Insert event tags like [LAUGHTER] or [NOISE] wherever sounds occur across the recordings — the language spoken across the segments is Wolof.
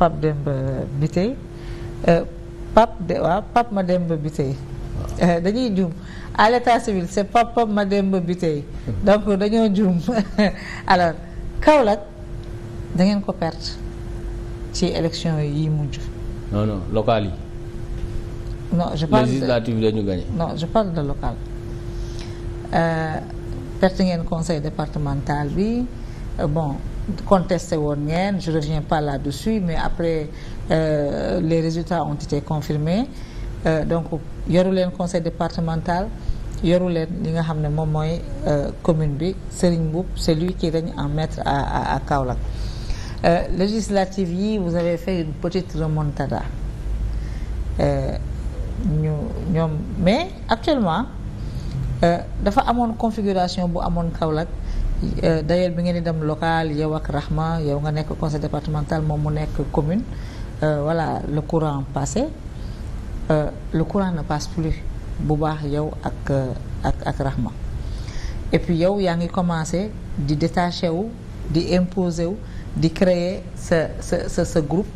Pape Demba Bitèye euh, Pape de waaw Pape Mademba Bitèye euh, dañuy juum à l'état civil c'est Pape Pape Mademba Bitèye hmm. donc dañoo juum [LAUGHS] alors Kaolack da ko perte ci élection yi mujj. non non locales yi. non je parle de... dañu gagné. non je parle local euh, perte ngeen conseil départemental bi bon contesté woon ngeen je reviens pas là-dessus mais après euh, les résultats ont été confirmés euh, donc yoru leen conseil départemental yoru leen li nga xam ne moom mooy euh, commune bi Serigne Mboup c'est lui qui règne en maître à à, à Kaolack euh, législative yi vous avez fait une petite remontada euh, ñu ñoom mais actuellement dafa amoon configuration bu amoon Kaolack Euh, d'ailleurs bi ngeen di dem local yow ak Rahma yow nga nekk conseil départemental moom mu nekk commune euh, voilà le courant passé euh, le courant ne passe plus bu baax yow ak ak ak Rahma et puis yow yaa ngi commencé di détaché wu di imposer wu di créer sa sa sa sa groupe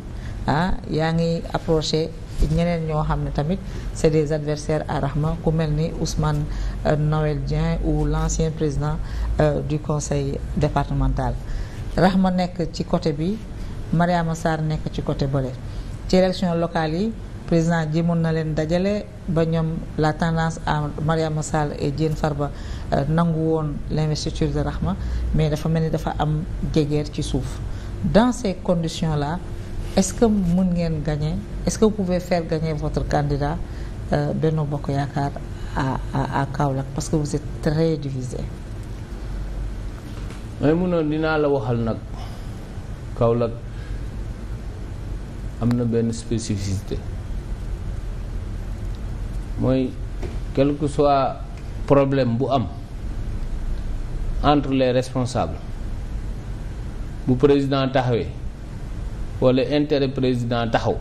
ah yaa ngi approché ñeneen ñoo xam ne tamit c'est des adversaires à Rahma ku mel ni Ousmane euh, Noël Dieng ou l'ancien président euh, du conseil départemental Rahma nekk ci côté bi Mariama Sarr nekk ci côté bële ci élection locale yi président ji mën na leen dajale ba ñoom la tendance à Mariama Sall et Diène Farba euh, nangu woon l'investiture de Rahma mais dafa mel ni dafa am jégeer ci suuf dans ces conditions là est-ce que mën ngeen gagner est-ce que vous pouvez faire gagner votre candidat euh, Bokk Yaakaar à à parce que vous êtes très divisé. mais mun noonu dinaa la waxal nag Kaolack am na benn spécificité mooy quel que soit problème bu am entre les responsables bu président taxawee. wala intérêt président taxaw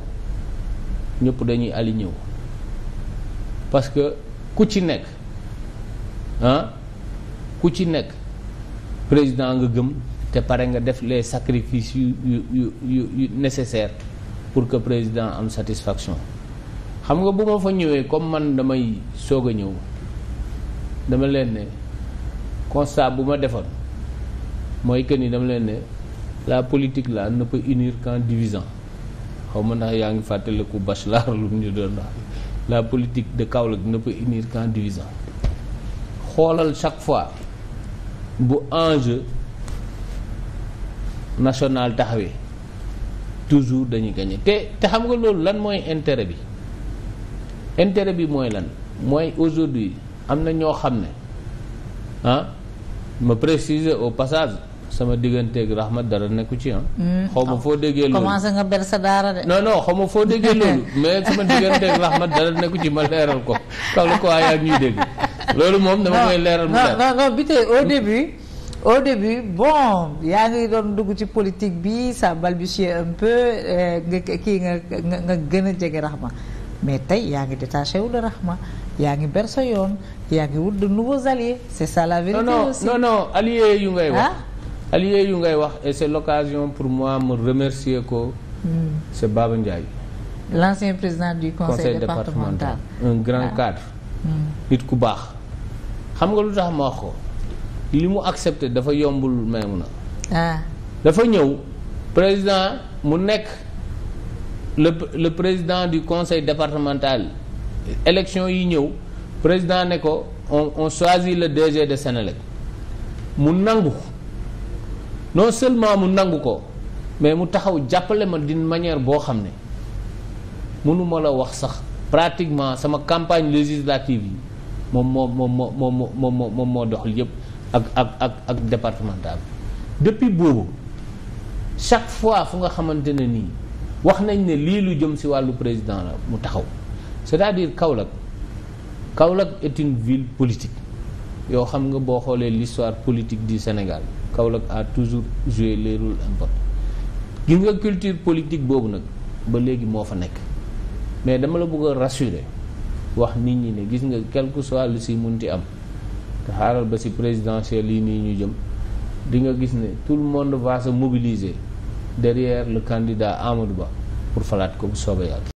ñëpp dañuy aligné ñëw parce que ku ci nekk ah ku ci nekk président nga gëm te pare nga def les sacrifices yu yu yu yu nécessaires pour que président am satisfaction xam nga bu ma fa ñëwee comme man damay soog a ñëw dama leen ne constat bu ma defoon mooy que ni dama leen ne. la politique là ne peut unir qu'en divisant xaw ma ndax yaa ngi fàttaliku Bachelard lu ñu doon wax la politique de Kaolack ne peut unir qu'en divisant xoolal chaque fois bu enjeu national taxawee toujours dañuy gagné te te xam nga loolu lan mooy intérêt bi intérêt bi mooy lan mooy aujourd'hui am na ñoo xam ne ah ma préciser au passage sama diggante digganteeg rahmat dara nekku ci ah. Hmm. xaw ma foo déggee loolu commencé nga ber sa daara de. non non xaw ma foo déggee loolu [LAUGHS] mais sama digganteeg rahmat dara nekku ci ma leeral ko kaw la ko waaye ak ñuy dégg loolu moom dama koy leeral. mu leer non non bi tey au début. au début bon yaa ngi doon dugg ci politique bi ça balbutier un peu eh, nga kii nga nga gën a jege Rahma mais tey yaa ngi détaché wu de Rahma yaa ngi ber sa yoon yaa ngi wut de nouveaux alliés c'est alliés yu ngay wax et c'est l'occasion pour moi me remercier ko mm. c'est Baba Ndiaye l'ancien président du conseil, conseil départemental. départemental un grand ah. cadre mm. nit ku baax xam nga lu tax ma wax ko li mu accepté dafa yombul Maïmouna ah dafa ñëw président mu nekk le le président du conseil départemental élection yi ñëw président ne ko on on choisit le DG de Sénélec mu nangu non seulement mu nangu ko mais mu taxaw jàppale ma d'une manière boo xam ne mënuma la wax sax pratiquement sama campagne législative yi moom moo moom moo moom moo moom moo doxal yëpp ak ak ak ak départemental depuis boobu chaque fois fu nga xamante ne nii wax nañ ne lii lu jëm ci wàllu président la mu taxaw c'est-à-dire Kaolack Kaolack est une ville politique yoo xam nga boo xoolee l'histoire politique du Sénégal Kaolack à toujours joué les rôles gis nga culture politique boobu nag ba léegi moo fa nekk mais dama la bëgg rassurer wax nit ñi ne gis nga quelque que soit lu si munti am te xaaral ba si présidentielle yi nii ñu jëm di nga gis ne tout le monde va a mobiliser derrière le candidat Amadou Ba pour falaat ko bu soobee yàlla